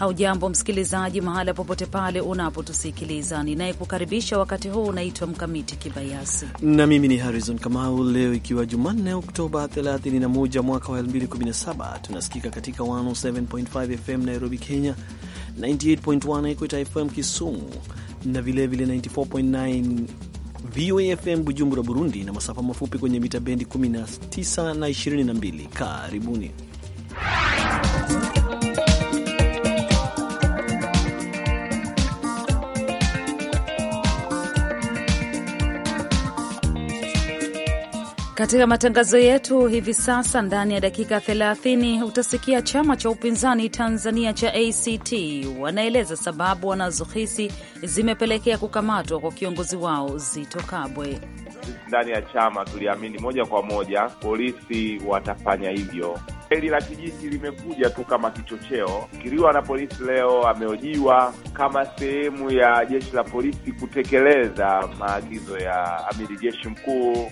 Haujambo msikilizaji, mahala popote pale unapotusikiliza, ninayekukaribisha wakati huu unaitwa Mkamiti Kibayasi na mimi ni Harrison Kamau. Leo ikiwa Jumanne, Oktoba 31 mwaka wa 2017, tunasikika katika 107.5 FM Nairobi, Kenya, 98.1 Equita FM Kisumu na vilevile 94.9 VOA FM Bujumbura, Burundi, na masafa mafupi kwenye mita bendi 19 na 22. Karibuni Katika matangazo yetu hivi sasa, ndani ya dakika 30 utasikia chama cha upinzani Tanzania cha ACT wanaeleza sababu wanazohisi zimepelekea kukamatwa kwa kiongozi wao Zito Kabwe. Ndani ya chama tuliamini moja kwa moja polisi watafanya hivyo. Heli la kijiji limekuja tu kama kichocheo, kiriwa na polisi leo ameojiwa kama sehemu ya jeshi la polisi kutekeleza maagizo ya amiri jeshi mkuu.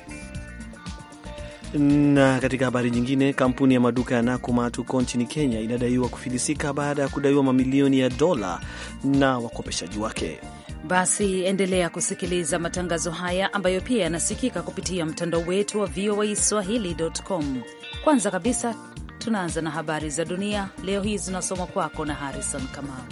Na katika habari nyingine, kampuni ya maduka ya Nakumatt nchini Kenya inadaiwa kufilisika baada ya kudaiwa mamilioni ya dola na wakopeshaji wake. Basi endelea kusikiliza matangazo haya ambayo pia yanasikika kupitia mtandao wetu wa VOA Swahili.com. Kwanza kabisa tunaanza na habari za dunia leo hii zinasomwa kwako na Harrison Kamau.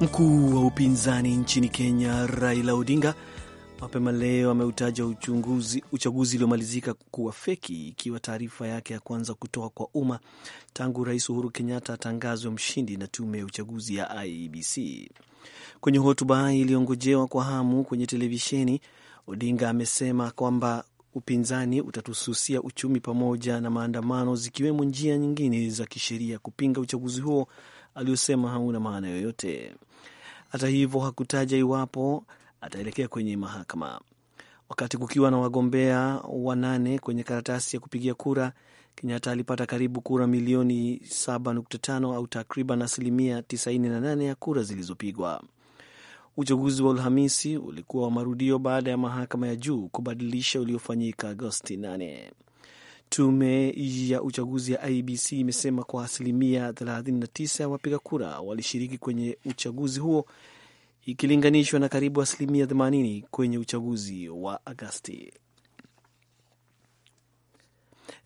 Mkuu wa upinzani nchini Kenya Raila Odinga mapema leo ameutaja uchaguzi uliomalizika kuwa feki, ikiwa taarifa yake ya kwanza kutoka kwa umma tangu Rais Uhuru Kenyatta atangazwe mshindi na tume ya uchaguzi ya IEBC. Kwenye hotuba iliyongojewa kwa hamu kwenye televisheni, Odinga amesema kwamba upinzani utatususia uchumi pamoja na maandamano, zikiwemo njia nyingine za kisheria kupinga uchaguzi huo aliosema hauna maana yoyote. Hata hivyo hakutaja iwapo ataelekea kwenye mahakama. Wakati kukiwa na wagombea wanane kwenye karatasi ya kupigia kura, Kenyatta alipata karibu kura milioni 7.5 au takriban asilimia 98 ya kura zilizopigwa. Uchaguzi wa Alhamisi ulikuwa wa marudio baada ya mahakama ya juu kubadilisha uliofanyika Agosti 8. Tume ya uchaguzi ya IBC imesema kwa asilimia 39 ya wapiga kura walishiriki kwenye uchaguzi huo ikilinganishwa na karibu asilimia 80 kwenye uchaguzi wa Agasti.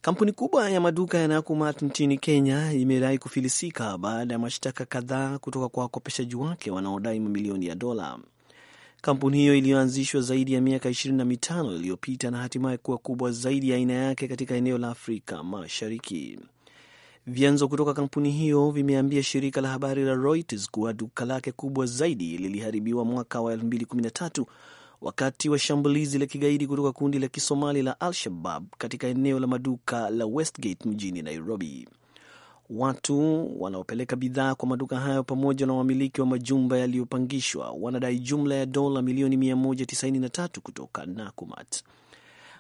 Kampuni kubwa ya maduka ya Nakumat nchini Kenya imedai kufilisika baada ya mashtaka kadhaa kutoka kwa wakopeshaji wake wanaodai mamilioni ya dola. Kampuni hiyo iliyoanzishwa zaidi ya miaka mitano iliyopita na hatimaye kuwa kubwa zaidi ya aina yake katika eneo la Afrika Mashariki. Vyanzo kutoka kampuni hiyo vimeambia shirika la habari la Reuters kuwa duka lake kubwa zaidi liliharibiwa mwaka wa 2013 wakati wa shambulizi la kigaidi kutoka kundi la Kisomali la Al-Shabab katika eneo la maduka la Westgate mjini Nairobi. Watu wanaopeleka bidhaa kwa maduka hayo pamoja na wamiliki wa majumba yaliyopangishwa wanadai jumla ya dola milioni 193 kutoka Nakumat.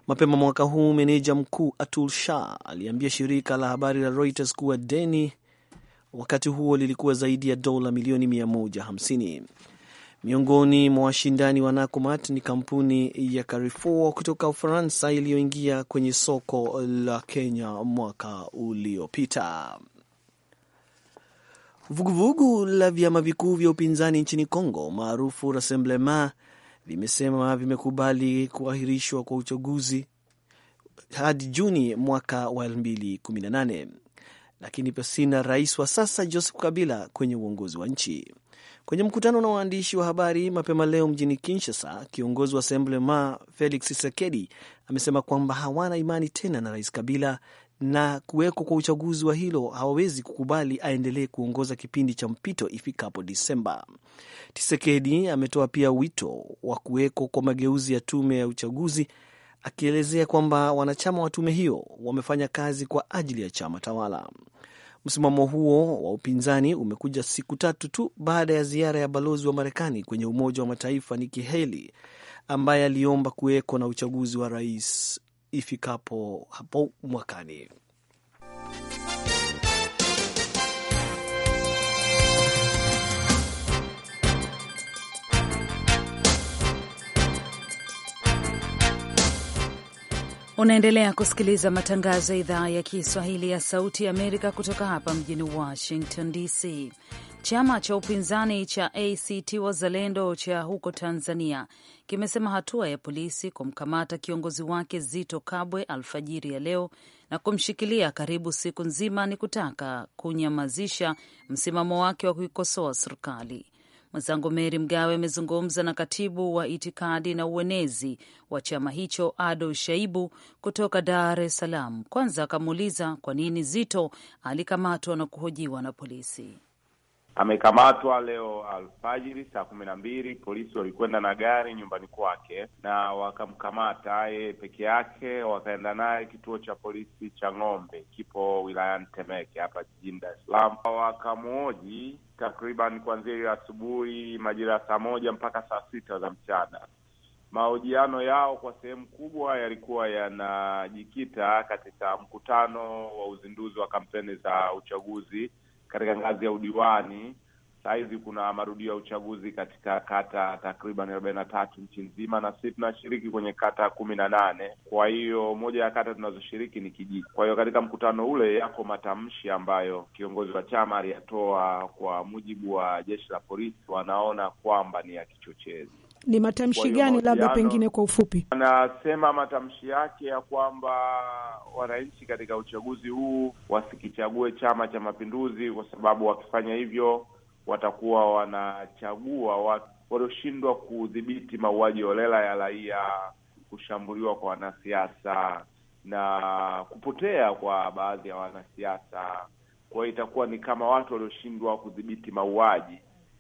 Mapema mwaka huu, meneja mkuu Atul Shah aliambia shirika la habari la Reuters kuwa deni wakati huo lilikuwa zaidi ya dola milioni 150. Miongoni mwa washindani wa Nakumat ni kampuni ya Carrefour kutoka Ufaransa iliyoingia kwenye soko la Kenya mwaka uliopita. Vuguvugu la vyama vikuu vya upinzani nchini congo maarufu Rassemblement vimesema vimekubali kuahirishwa kwa uchaguzi hadi Juni mwaka wa 2018 lakini pasina rais wa sasa Joseph Kabila kwenye uongozi wa nchi. Kwenye mkutano na waandishi wa habari mapema leo mjini Kinshasa, kiongozi wa Rassemblement Felix Tshisekedi amesema kwamba hawana imani tena na rais Kabila na kuwekwa kwa uchaguzi wa hilo hawawezi kukubali aendelee kuongoza kipindi cha mpito ifikapo Disemba. tisekedi ametoa pia wito wa kuwekwa kwa mageuzi ya tume ya uchaguzi, akielezea kwamba wanachama wa tume hiyo wamefanya kazi kwa ajili ya chama tawala. Msimamo huo wa upinzani umekuja siku tatu tu baada ya ziara ya balozi wa Marekani kwenye Umoja wa Mataifa Nikki Haley ambaye aliomba kuwekwa na uchaguzi wa rais ifikapo hapo mwakani. Unaendelea kusikiliza matangazo ya idhaa ya Kiswahili ya Sauti ya Amerika kutoka hapa mjini Washington DC. Chama cha upinzani cha ACT Wazalendo cha huko Tanzania kimesema hatua ya polisi kumkamata kiongozi wake Zito Kabwe alfajiri ya leo na kumshikilia karibu siku nzima ni kutaka kunyamazisha msimamo wake wa kuikosoa serikali. Mwenzangu Meri Mgawe amezungumza na katibu wa itikadi na uenezi wa chama hicho Ado Shaibu kutoka Dar es Salaam. Kwanza akamuuliza kwa nini Zito alikamatwa na kuhojiwa na polisi. Amekamatwa leo alfajiri saa kumi na mbili. Polisi walikwenda na gari nyumbani kwake na wakamkamata yeye peke yake, wakaenda naye kituo cha polisi cha Ng'ombe, kipo wilayani Temeke hapa jijini Dar es Salaam. Wakamhoji takriban kuanzia hiyo asubuhi majira ya saa moja mpaka saa sita za mchana. Mahojiano yao kwa sehemu kubwa yalikuwa yanajikita katika mkutano wa uzinduzi wa kampeni za uchaguzi katika ngazi ya udiwani. Sahizi kuna marudio ya uchaguzi katika kata takriban arobaini na tatu nchi nzima, na sisi tunashiriki kwenye kata kumi na nane. Kwa hiyo moja ya kata tunazoshiriki ni Kijiji. Kwa hiyo katika mkutano ule yako matamshi ambayo kiongozi wa chama aliyatoa, kwa mujibu wa jeshi la polisi, wanaona kwamba ni ya kichochezi. Ni matamshi gani, labda pengine kwa ufupi? Anasema matamshi yake ya kwamba wananchi katika uchaguzi huu wasikichague Chama cha Mapinduzi kwa sababu wakifanya hivyo watakuwa wanachagua watu walioshindwa kudhibiti mauaji holela ya raia, kushambuliwa kwa wanasiasa na kupotea kwa baadhi ya wanasiasa. Kwa hiyo itakuwa ni kama watu walioshindwa kudhibiti mauaji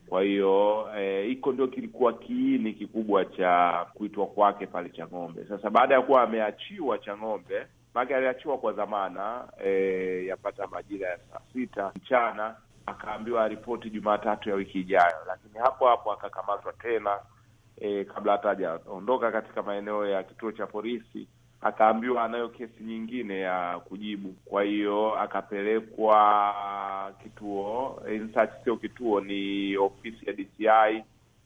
kwa hiyo hiko eh, ndio kilikuwa kiini kikubwa cha kuitwa kwake pale Chang'ombe. Sasa baada ya kuwa ameachiwa Chang'ombe, maake aliachiwa kwa dhamana eh, yapata majira ya saa sita mchana, akaambiwa aripoti Jumatatu ya wiki ijayo, lakini hapo hapo akakamatwa tena eh, kabla hata hajaondoka katika maeneo ya kituo cha polisi akaambiwa anayo kesi nyingine ya kujibu, kwa hiyo akapelekwa kituo Insearch, sio kituo, ni ofisi ya DCI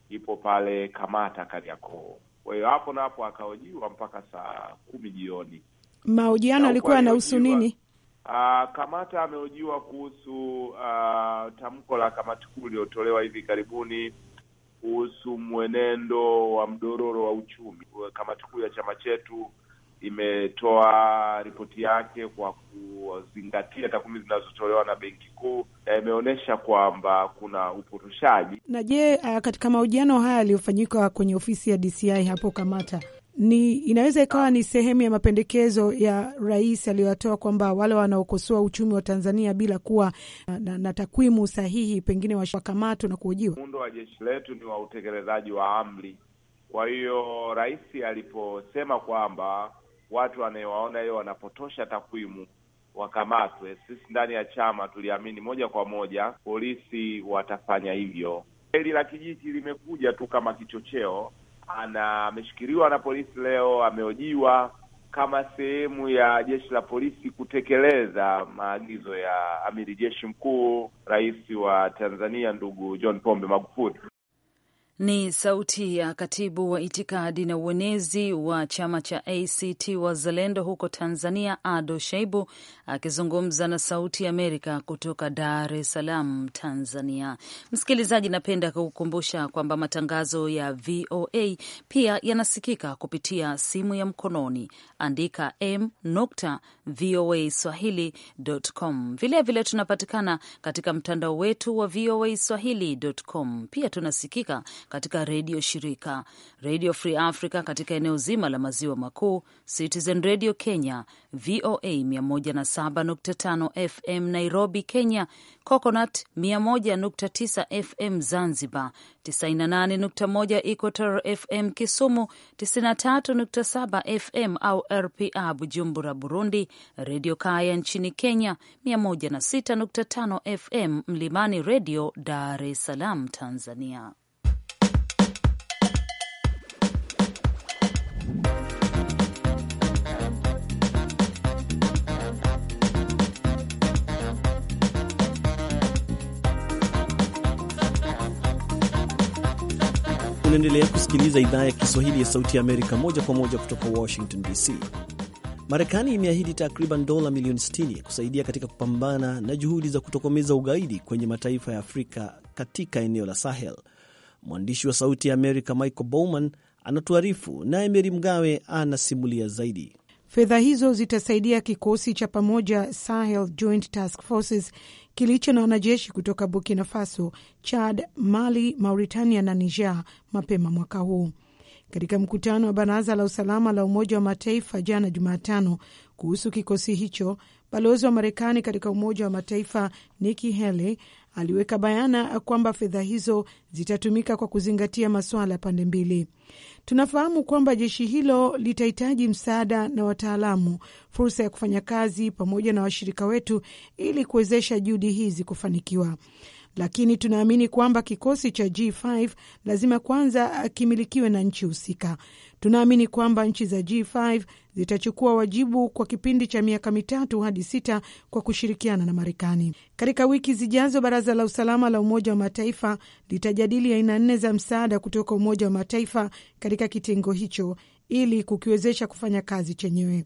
ipo pale Kamata, Kariakoo. Kwa hiyo hapo na hapo akaojiwa mpaka saa kumi jioni. Mahojiano alikuwa anahusu nini? Uh, Kamata amehojiwa kuhusu uh, tamko la kamati kuu iliyotolewa hivi karibuni kuhusu mwenendo wa mdororo wa uchumi. Kamati kuu ya chama chetu imetoa ripoti yake kwa kuzingatia takwimu zinazotolewa na Benki Kuu na imeonyesha kwamba kuna upotoshaji. Na je, ah, katika mahojiano haya yaliyofanyika kwenye ofisi ya DCI hapo Kamata, ni inaweza ikawa ni sehemu ya mapendekezo ya rais aliyoyatoa kwamba wale wanaokosoa uchumi wa Tanzania bila kuwa na, na, na takwimu sahihi pengine wakamatwa na kuhojiwa. Muundo wa jeshi letu ni wa utekelezaji wa amri. Kwa hiyo rais aliposema kwamba watu wanayewaona hiyo wanapotosha takwimu wakamatwe. Sisi ndani ya chama tuliamini moja kwa moja polisi watafanya hivyo. Hili la kijiji limekuja tu kama kichocheo, ana ameshikiliwa na polisi leo, amehojiwa kama sehemu ya jeshi la polisi kutekeleza maagizo ya amiri jeshi mkuu rais wa Tanzania ndugu John Pombe Magufuli. Ni sauti ya katibu wa itikadi na uenezi wa chama cha ACT Wazalendo huko Tanzania, Ado Shaibu akizungumza na Sauti ya Amerika kutoka Dar es Salaam, Tanzania. Msikilizaji, napenda kukukumbusha kwamba matangazo ya VOA pia yanasikika kupitia simu ya mkononi, andika m voa swahili.com. Vilevile tunapatikana katika mtandao wetu wa voa swahili.com. Pia tunasikika katika redio shirika Radio Free Africa katika eneo zima la maziwa makuu, Citizen Radio Kenya, VOA 107.5 FM Nairobi, Kenya, Coconut 101.9 FM Zanzibar, 98.1 Equator FM Kisumu, 93.7 FM au RPA Bujumbura, Burundi, Redio Kaya nchini Kenya, 106.5 FM Mlimani Redio Dar es Salaam, Tanzania. Unaendelea kusikiliza idhaa ya Kiswahili ya Sauti ya Amerika moja kwa moja kutoka Washington DC. Marekani imeahidi takriban dola milioni 60 kusaidia katika kupambana na juhudi za kutokomeza ugaidi kwenye mataifa ya Afrika katika eneo la Sahel. Mwandishi wa Sauti ya Amerika Michael Bowman anatuarifu, naye Meri Mgawe anasimulia zaidi. Fedha hizo zitasaidia kikosi cha pamoja Sahel Joint Task Forces kilicho na wanajeshi kutoka Burkina Faso, Chad, Mali, Mauritania na Niger mapema mwaka huu. Katika mkutano wa Baraza la Usalama la Umoja wa Mataifa jana Jumatano kuhusu kikosi hicho, balozi wa Marekani katika Umoja wa Mataifa Nikki Haley aliweka bayana kwamba fedha hizo zitatumika kwa kuzingatia masuala ya pande mbili. Tunafahamu kwamba jeshi hilo litahitaji msaada na wataalamu, fursa ya kufanya kazi pamoja na washirika wetu ili kuwezesha juhudi hizi kufanikiwa lakini tunaamini kwamba kikosi cha G5 lazima kwanza kimilikiwe na nchi husika. Tunaamini kwamba nchi za G5 zitachukua wajibu kwa kipindi cha miaka mitatu hadi sita kwa kushirikiana na Marekani. Katika wiki zijazo, Baraza la Usalama la Umoja wa Mataifa litajadili aina nne za msaada kutoka Umoja wa Mataifa katika kitengo hicho ili kukiwezesha kufanya kazi chenyewe.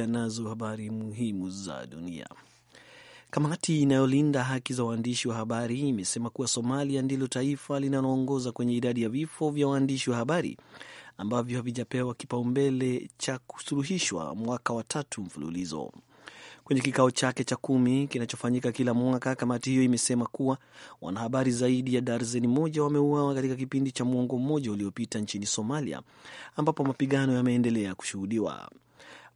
tunaendelea nazo habari muhimu za dunia. Kamati inayolinda haki za waandishi wa habari imesema kuwa Somalia ndilo taifa linaloongoza kwenye idadi ya vifo vya waandishi wa habari ambavyo havijapewa kipaumbele cha kusuluhishwa mwaka wa tatu mfululizo. Kwenye kikao chake cha kumi kinachofanyika kila mwaka, kamati hiyo imesema kuwa wanahabari zaidi ya darzeni moja wameuawa katika kipindi cha mwongo mmoja uliopita nchini Somalia, ambapo mapigano yameendelea kushuhudiwa.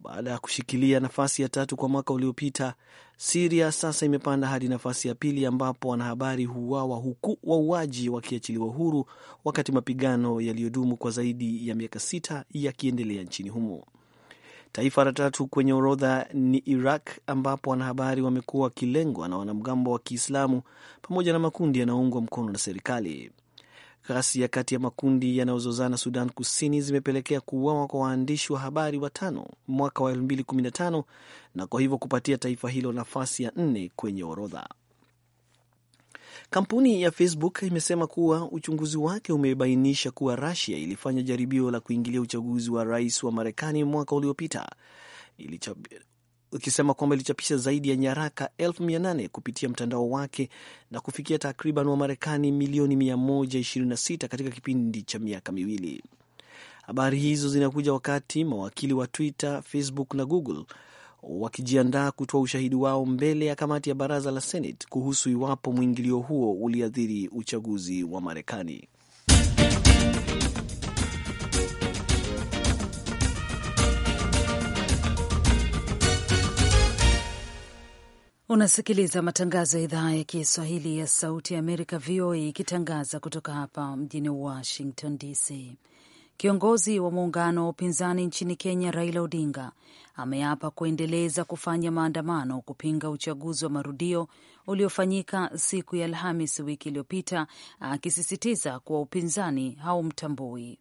Baada ya kushikilia nafasi ya tatu kwa mwaka uliopita, Siria sasa imepanda hadi nafasi ya pili ambapo wanahabari huuawa huku wauaji wakiachiliwa huru, wakati mapigano yaliyodumu kwa zaidi ya miaka sita yakiendelea nchini humo. Taifa la tatu kwenye orodha ni Iraq ambapo wanahabari wamekuwa wakilengwa na wanamgambo wa Kiislamu pamoja na makundi yanayoungwa mkono na serikali. Ghasia kati ya makundi yanayozozana Sudan Kusini zimepelekea kuuawa kwa waandishi wa habari watano mwaka wa 2015 na kwa hivyo kupatia taifa hilo nafasi ya nne kwenye orodha. Kampuni ya Facebook imesema kuwa uchunguzi wake umebainisha kuwa Russia ilifanya jaribio la kuingilia uchaguzi wa rais wa Marekani mwaka uliopita ikisema kwamba ilichapisha zaidi ya nyaraka 8 kupitia mtandao wake na kufikia takriban wa marekani milioni 126 katika kipindi cha miaka miwili. Habari hizo zinakuja wakati mawakili wa Twitter, Facebook na Google wakijiandaa kutoa ushahidi wao mbele ya kamati ya baraza la Senate kuhusu iwapo mwingilio huo uliathiri uchaguzi wa Marekani. Unasikiliza matangazo ya idhaa ya Kiswahili ya Sauti ya Amerika, VOA, ikitangaza kutoka hapa mjini Washington DC. Kiongozi wa muungano wa upinzani nchini Kenya, Raila Odinga, ameapa kuendeleza kufanya maandamano kupinga uchaguzi wa marudio uliofanyika siku ya Alhamis wiki iliyopita, akisisitiza kuwa upinzani haumtambui.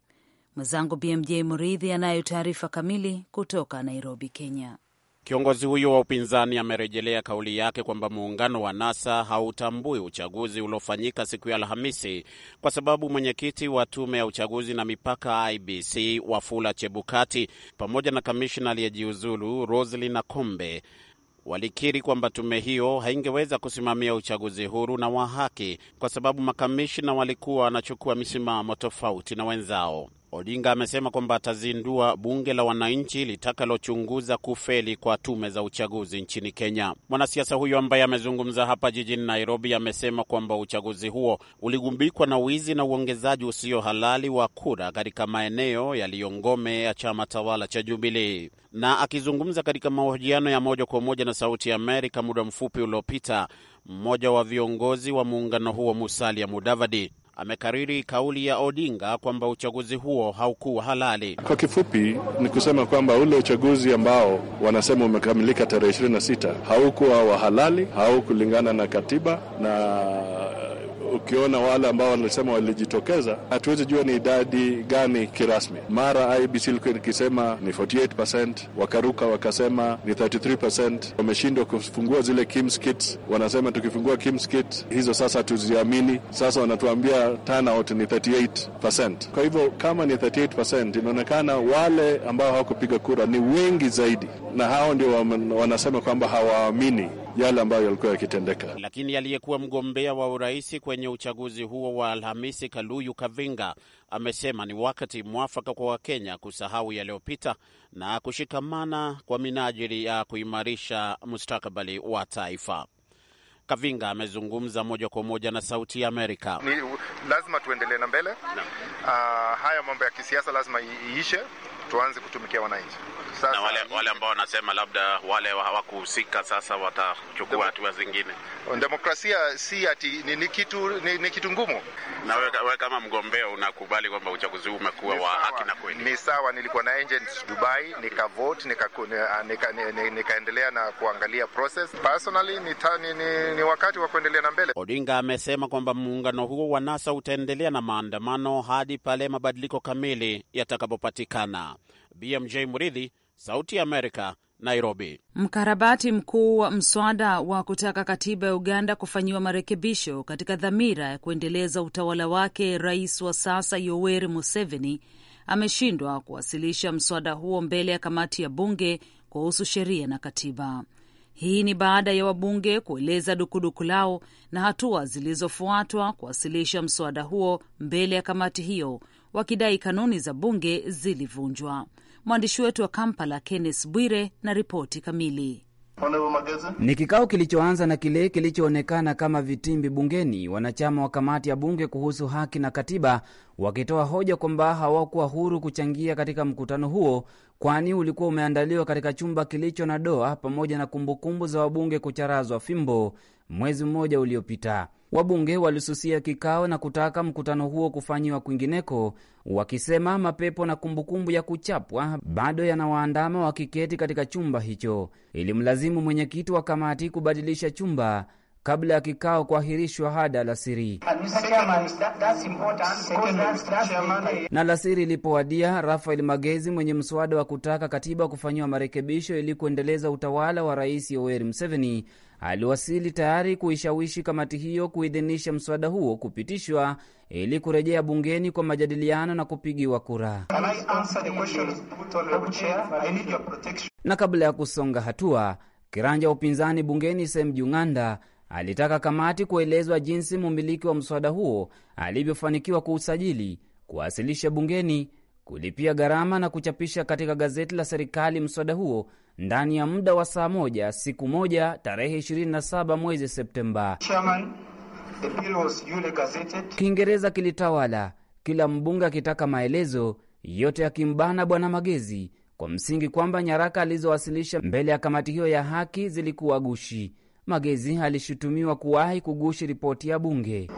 Mwenzangu BMJ Muridhi anayo taarifa kamili kutoka Nairobi, Kenya. Kiongozi huyo wa upinzani amerejelea kauli yake kwamba muungano wa NASA hautambui uchaguzi uliofanyika siku ya Alhamisi kwa sababu mwenyekiti wa tume ya uchaguzi na mipaka IBC Wafula Chebukati pamoja na kamishna aliyejiuzulu rosli nakombe walikiri kwamba tume hiyo haingeweza kusimamia uchaguzi huru na wa haki kwa sababu makamishna walikuwa wanachukua misimamo tofauti na wenzao. Odinga amesema kwamba atazindua bunge la wananchi litakalochunguza kufeli kwa tume za uchaguzi nchini Kenya. Mwanasiasa huyo ambaye amezungumza hapa jijini Nairobi amesema kwamba uchaguzi huo uligubikwa na wizi na uongezaji usio halali wa kura katika maeneo yaliyo ngome ya chama tawala cha Jubilii. Na akizungumza katika mahojiano ya moja kwa moja na Sauti ya Amerika muda mfupi uliopita, mmoja wa viongozi wa muungano huo Musalia Mudavadi amekariri kauli ya Odinga kwamba uchaguzi huo haukuwa halali. Kwa kifupi ni kusema kwamba ule uchaguzi ambao wanasema umekamilika tarehe 26 haukuwa wa halali, haukulingana na katiba na ukiona wale ambao wanasema walijitokeza, hatuwezi jua ni idadi gani kirasmi. Mara IBC ilikuwa ikisema ni 48%, wakaruka wakasema ni 33%. Wameshindwa kufungua zile kimskit, wanasema tukifungua kimskit hizo sasa tuziamini. Sasa wanatuambia turnout ni 38%. Kwa hivyo kama ni 38%, inaonekana wale ambao hawakupiga kura ni wengi zaidi, na hao ndio wanasema kwamba hawaamini yale ambayo yalikuwa yakitendeka. Lakini aliyekuwa mgombea wa urais kwenye uchaguzi huo wa Alhamisi, Kaluyu Kavinga, amesema ni wakati mwafaka kwa Wakenya kusahau yaliyopita na kushikamana kwa minajili ya kuimarisha mustakabali wa taifa. Kavinga amezungumza moja kwa moja na Sauti ya Amerika. Ni lazima tuendelee na mbele. Uh, haya mambo ya kisiasa lazima iishe, tuanze kutumikia wananchi. Sasa, na wale, wale ambao wanasema labda wale hawakuhusika sasa watachukua hatua zingine. Demokrasia si ati ni, ni kitu, ni, ni kitu ngumu. Na wewe we kama mgombea unakubali kwamba uchaguzi huu umekuwa wa haki na kweli? Ni sawa, nilikuwa na agent Dubai nika nikaendelea nika, nika, nika nika, na kuangalia process. Personally ni, ta, ni, ni, ni wakati wa kuendelea na mbele. Odinga amesema kwamba muungano huo wa NASA utaendelea na maandamano hadi pale mabadiliko kamili yatakapopatikana. BMJ Muridhi Sauti ya Amerika, Nairobi. Mkarabati mkuu wa mswada wa kutaka katiba ya Uganda kufanyiwa marekebisho katika dhamira ya kuendeleza utawala wake, rais wa sasa Yoweri Museveni ameshindwa kuwasilisha mswada huo mbele ya kamati ya bunge kuhusu sheria na katiba. Hii ni baada ya wabunge kueleza dukuduku lao na hatua zilizofuatwa kuwasilisha mswada huo mbele ya kamati hiyo, wakidai kanuni za bunge zilivunjwa. Mwandishi wetu wa Kampala, Kenneth Bwire, na ripoti kamili. Ni kikao kilichoanza na kile kilichoonekana kama vitimbi bungeni, wanachama wa kamati ya bunge kuhusu haki na katiba wakitoa hoja kwamba hawakuwa huru kuchangia katika mkutano huo, kwani ulikuwa umeandaliwa katika chumba kilicho na doa, pamoja na kumbukumbu za wabunge kucharazwa fimbo mwezi mmoja uliopita. Wabunge walisusia kikao na kutaka mkutano huo kufanyiwa kwingineko, wakisema mapepo na kumbukumbu ya kuchapwa bado yanawaandama wakiketi katika chumba hicho. Ilimlazimu mwenyekiti wa kamati kubadilisha chumba kabla ya kikao kuahirishwa hadi alasiri. Na alasiri ilipowadia, Rafael Magezi mwenye mswada wa kutaka katiba kufanyiwa marekebisho ili kuendeleza utawala wa Rais Yoweri Museveni aliwasili tayari kuishawishi kamati hiyo kuidhinisha mswada huo kupitishwa ili kurejea bungeni kwa majadiliano na kupigiwa kura. Na kabla ya kusonga hatua, kiranja wa upinzani bungeni Sem Jung'anda alitaka kamati kuelezwa jinsi mumiliki wa mswada huo alivyofanikiwa kuusajili, kuwasilisha bungeni kulipia gharama na kuchapisha katika gazeti la serikali mswada huo ndani ya muda wa saa moja siku moja tarehe 27 mwezi Septemba. Kiingereza kilitawala, kila mbunge akitaka maelezo yote yakimbana Bwana Magezi kwa msingi kwamba nyaraka alizowasilisha mbele ya kamati hiyo ya haki zilikuwa gushi. Magezi alishutumiwa kuwahi kugushi ripoti ya bunge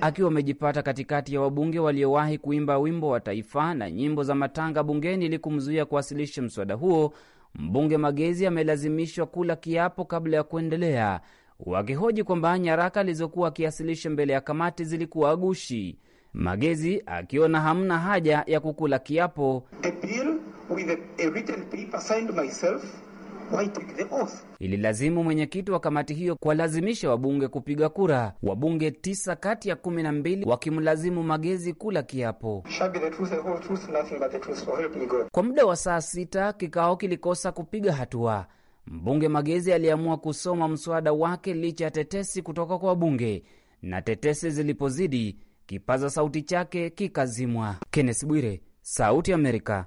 akiwa amejipata katikati ya wabunge waliowahi kuimba wimbo wa taifa na nyimbo za matanga bungeni ili kumzuia kuwasilisha mswada huo. Mbunge Magezi amelazimishwa kula kiapo kabla ya kuendelea, wakihoji kwamba nyaraka alizokuwa akiasilisha mbele ya kamati zilikuwa gushi. Magezi akiona hamna haja ya kukula kiapo Appeal? with a, a written paper signed myself why take the oath. Ililazimu mwenyekiti wa kamati hiyo kuwalazimisha wabunge kupiga kura, wabunge tisa kati ya kumi na mbili wakimlazimu Magezi kula kiapo kwa muda wa saa sita. Kikao kilikosa kupiga hatua. Mbunge Magezi aliamua kusoma mswada wake licha ya tetesi kutoka kwa wabunge, na tetesi zilipozidi, kipaza sauti chake kikazimwa. Kenneth Bwire, Sauti Amerika,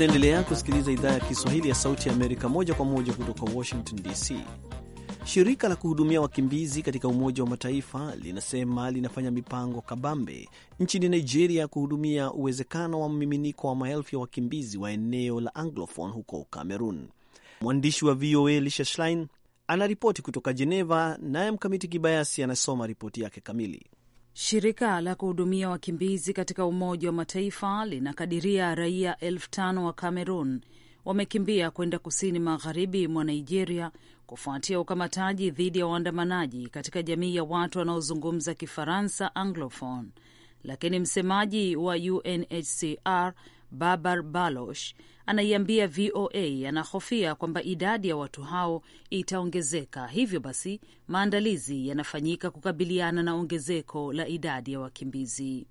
Unaendelea kusikiliza idhaa ya Kiswahili ya Sauti ya Amerika moja kwa moja kutoka Washington DC. Shirika la kuhudumia wakimbizi katika Umoja wa Mataifa linasema linafanya mipango kabambe nchini Nigeria kuhudumia uwezekano wa mmiminiko wa maelfu ya wakimbizi wa eneo la Anglophone huko Cameroon. Mwandishi wa VOA Lisha Schlein anaripoti kutoka Geneva, naye Mkamiti Kibayasi anasoma ripoti yake kamili. Shirika la kuhudumia wakimbizi katika Umoja wa Mataifa linakadiria raia elfu tano wa Cameroon wamekimbia kwenda kusini magharibi mwa Nigeria kufuatia ukamataji dhidi ya waandamanaji katika jamii ya watu wanaozungumza Kifaransa Anglophone. Lakini msemaji wa UNHCR Babar Baloch anaiambia VOA anahofia kwamba idadi ya watu hao itaongezeka, hivyo basi maandalizi yanafanyika kukabiliana na ongezeko la idadi ya wakimbizi.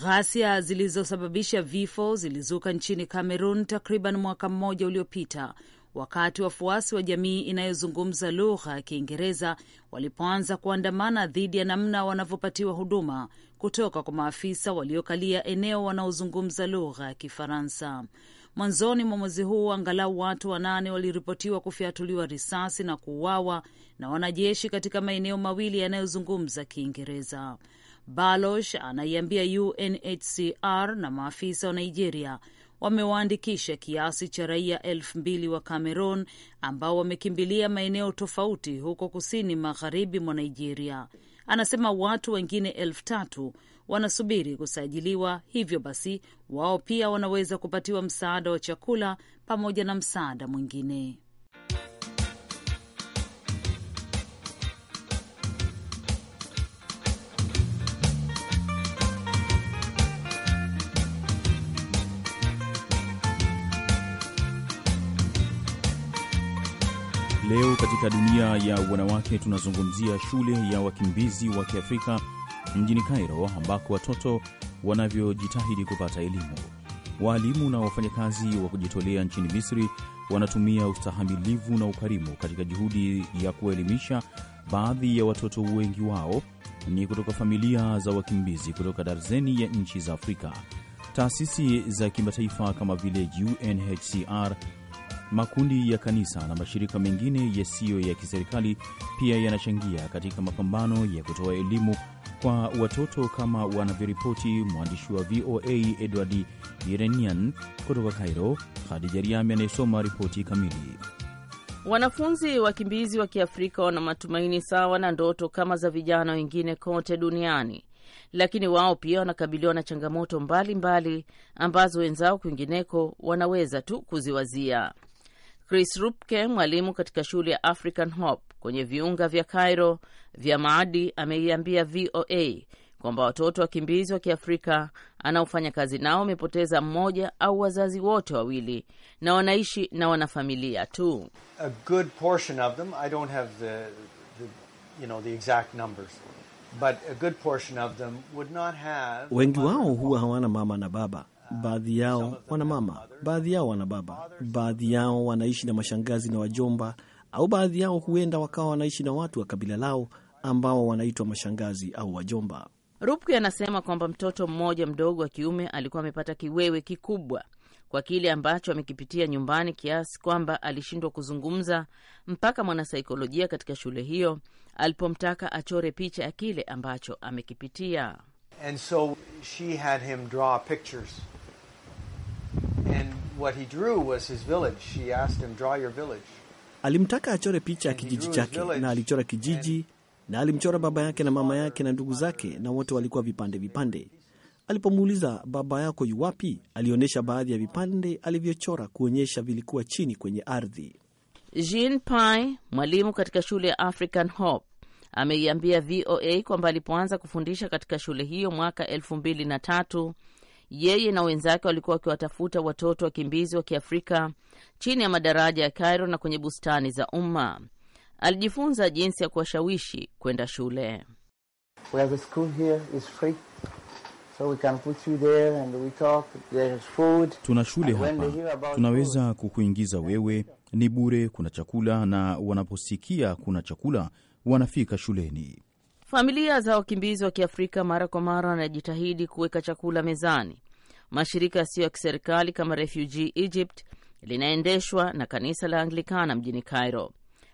Ghasia zilizosababisha vifo zilizuka nchini Kamerun takriban mwaka mmoja uliopita wakati wafuasi wa jamii inayozungumza lugha ya Kiingereza walipoanza kuandamana dhidi ya namna wanavyopatiwa huduma kutoka kwa maafisa waliokalia eneo wanaozungumza lugha ya Kifaransa. Mwanzoni mwa mwezi huu angalau watu wanane waliripotiwa kufyatuliwa risasi na kuuawa na wanajeshi katika maeneo mawili yanayozungumza Kiingereza. balosh anaiambia UNHCR na maafisa wa Nigeria wamewaandikisha kiasi cha raia elfu mbili wa Cameroon ambao wamekimbilia maeneo tofauti huko kusini magharibi mwa Nigeria. Anasema watu wengine elfu tatu wanasubiri kusajiliwa, hivyo basi wao pia wanaweza kupatiwa msaada wa chakula pamoja na msaada mwingine. Leo katika dunia ya wanawake tunazungumzia shule ya wakimbizi wa Kiafrika mjini Kairo ambako watoto wanavyojitahidi kupata elimu. Waalimu na wafanyakazi wa kujitolea nchini Misri wanatumia ustahamilivu na ukarimu katika juhudi ya kuwaelimisha baadhi ya watoto, wengi wao ni kutoka familia za wakimbizi kutoka darzeni ya nchi za Afrika. Taasisi za kimataifa kama vile UNHCR Makundi ya kanisa na mashirika mengine yasiyo ya kiserikali pia yanachangia katika mapambano ya kutoa elimu kwa watoto kama wanavyoripoti mwandishi wa VOA Edward irenian kutoka Cairo. Hadija Riami anayesoma ripoti kamili. Wanafunzi wakimbizi wa Kiafrika wana matumaini sawa na ndoto kama za vijana wengine kote duniani, lakini wao pia wanakabiliwa na changamoto mbalimbali mbali ambazo wenzao kwingineko wanaweza tu kuziwazia. Chris Rupke, mwalimu katika shule ya African Hope kwenye viunga vya Cairo vya Maadi, ameiambia VOA kwamba watoto wakimbizi wa Kiafrika anaofanya kazi nao wamepoteza mmoja au wazazi wote wawili na wanaishi na wanafamilia tu. Wengi wao huwa hawana mama na baba Baadhi yao wana mama, baadhi yao wana baba, baadhi yao wanaishi na mashangazi na wajomba, au baadhi yao huenda wakawa wanaishi na watu wa kabila lao ambao wanaitwa mashangazi au wajomba. Rupki anasema kwamba mtoto mmoja mdogo wa kiume alikuwa amepata kiwewe kikubwa kwa kile ambacho amekipitia nyumbani kiasi kwamba alishindwa kuzungumza mpaka mwanasaikolojia katika shule hiyo alipomtaka achore picha ya kile ambacho amekipitia. And so she had him draw pictures what he drew was his village. She asked him, draw your village. Alimtaka achore picha ya kijiji chake na alichora kijiji na alimchora baba yake na mama yake na ndugu zake, na wote walikuwa vipande vipande. Alipomuuliza baba yako yuwapi, alionyesha baadhi ya vipande alivyochora kuonyesha vilikuwa chini kwenye ardhi. Jean Pai, mwalimu katika shule ya African Hope, ameiambia VOA kwamba alipoanza kufundisha katika shule hiyo mwaka elfu mbili na tatu yeye na wenzake walikuwa wakiwatafuta watoto wakimbizi wa Kiafrika chini ya madaraja ya Cairo na kwenye bustani za umma. Alijifunza jinsi ya kuwashawishi kwenda shule. tuna shule hapa, tunaweza kukuingiza wewe, ni bure, kuna chakula. Na wanaposikia kuna chakula wanafika shuleni. Familia za wakimbizi wa Kiafrika mara kwa mara wanajitahidi kuweka chakula mezani. Mashirika yasiyo ya kiserikali kama Refugee Egypt linaendeshwa na kanisa la Anglikana mjini Cairo,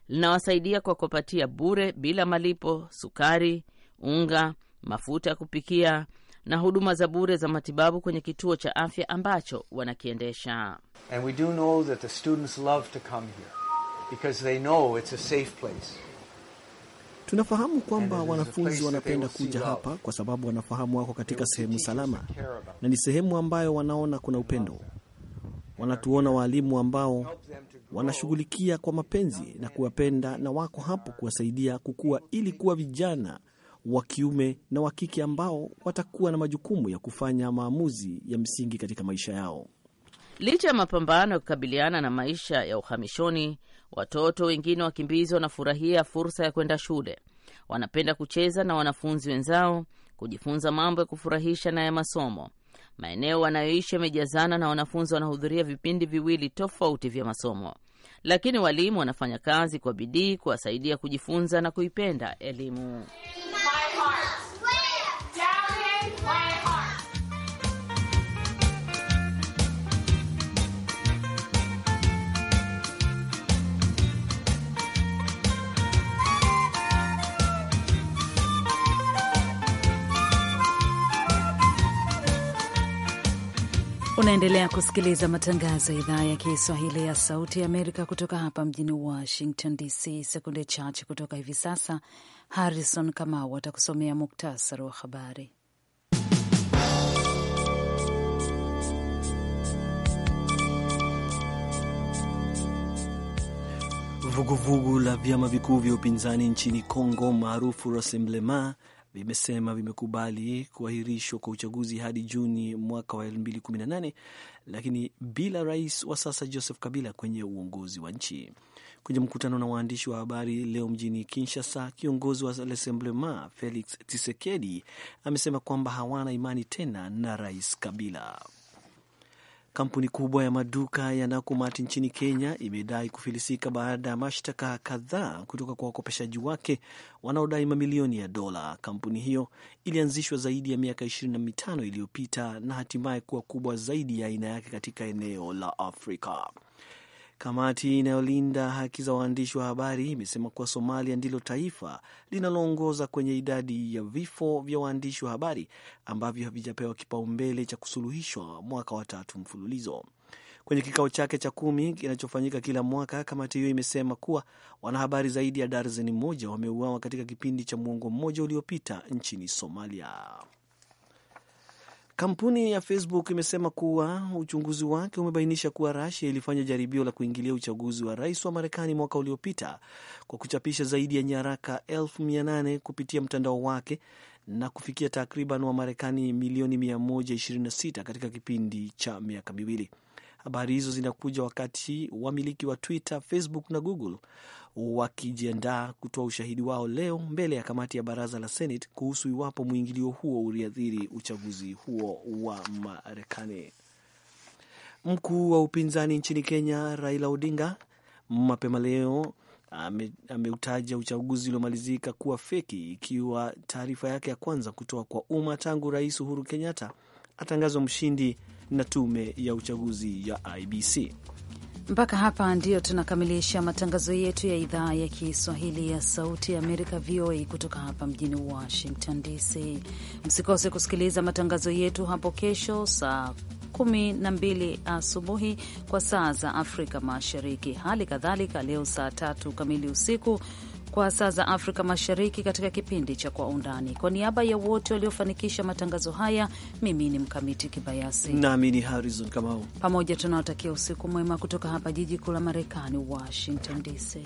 linawasaidia kwa kuwapatia bure bila malipo sukari, unga, mafuta ya kupikia na huduma za bure za matibabu kwenye kituo cha afya ambacho wanakiendesha. And we do know that the students love to come here because they know it's a safe place. Tunafahamu kwamba wanafunzi wanapenda kuja hapa kwa sababu wanafahamu wako katika sehemu salama na ni sehemu ambayo wanaona kuna upendo. Wanatuona waalimu ambao wanashughulikia kwa mapenzi na kuwapenda, na wako hapo kuwasaidia kukua ili kuwa vijana wa kiume na wa kike ambao watakuwa na majukumu ya kufanya maamuzi ya msingi katika maisha yao. Licha ya mapambano ya kukabiliana na maisha ya uhamishoni, Watoto wengine wakimbizi wanafurahia fursa ya kwenda shule, wanapenda kucheza na wanafunzi wenzao, kujifunza mambo ya kufurahisha na ya masomo. Maeneo wanayoishi yamejazana na wanafunzi wanahudhuria vipindi viwili tofauti vya masomo, lakini walimu wanafanya kazi kwa bidii kuwasaidia kujifunza na kuipenda elimu. Unaendelea kusikiliza matangazo ya idhaa ya Kiswahili ya Sauti ya Amerika kutoka hapa mjini Washington DC. Sekunde chache kutoka hivi sasa, Harrison Kamau atakusomea muktasari wa habari. Vuguvugu la vyama vikuu vya upinzani nchini congo maarufu Rassemblement vimesema vimekubali kuahirishwa kwa uchaguzi hadi Juni mwaka wa 2018 lakini bila rais wa sasa Joseph Kabila kwenye uongozi wa nchi. Kwenye mkutano na waandishi wa habari leo mjini Kinshasa, kiongozi wa Rassemblement Felix Tshisekedi amesema kwamba hawana imani tena na rais Kabila. Kampuni kubwa ya maduka ya nakumati nchini Kenya imedai kufilisika baada ya mashtaka kadhaa kutoka kwa wakopeshaji wake wanaodai mamilioni ya dola. Kampuni hiyo ilianzishwa zaidi ya miaka 25 iliyopita na hatimaye kuwa kubwa zaidi ya aina yake katika eneo la Afrika. Kamati inayolinda haki za waandishi wa habari imesema kuwa Somalia ndilo taifa linaloongoza kwenye idadi ya vifo vya waandishi wa habari ambavyo havijapewa kipaumbele cha kusuluhishwa mwaka wa tatu mfululizo. Kwenye kikao chake cha kumi kinachofanyika kila mwaka, kamati hiyo imesema kuwa wanahabari zaidi ya darzeni moja wameuawa katika kipindi cha mwongo mmoja uliopita nchini Somalia. Kampuni ya Facebook imesema kuwa uchunguzi wake umebainisha kuwa Russia ilifanya jaribio la kuingilia uchaguzi wa rais wa Marekani mwaka uliopita kwa kuchapisha zaidi ya nyaraka 8 kupitia mtandao wake na kufikia takriban wa marekani milioni 126 katika kipindi cha miaka miwili. Habari hizo zinakuja wakati wamiliki wa Twitter, Facebook na Google wakijiandaa kutoa ushahidi wao leo mbele ya kamati ya baraza la Senate kuhusu iwapo mwingilio huo uliathiri uchaguzi huo wa Marekani. Mkuu wa upinzani nchini Kenya Raila Odinga mapema leo ameutaja ame uchaguzi uliomalizika kuwa feki, ikiwa taarifa yake ya kwanza kutoa kwa umma tangu Rais Uhuru Kenyatta atangazwa mshindi na tume ya uchaguzi ya IBC. Mpaka hapa ndiyo tunakamilisha matangazo yetu ya idhaa ya Kiswahili ya Sauti ya Amerika, VOA, kutoka hapa mjini Washington DC. Msikose kusikiliza matangazo yetu hapo kesho saa kumi na mbili asubuhi kwa saa za Afrika Mashariki, hali kadhalika leo saa tatu kamili usiku kwa saa za Afrika Mashariki katika kipindi cha Kwa Undani. Kwa niaba ya wote waliofanikisha matangazo haya, mimi ni Mkamiti Kibayasi nami ni Harrison Kamau. Pamoja tunawatakia usiku mwema kutoka hapa jiji kuu la Marekani, Washington DC.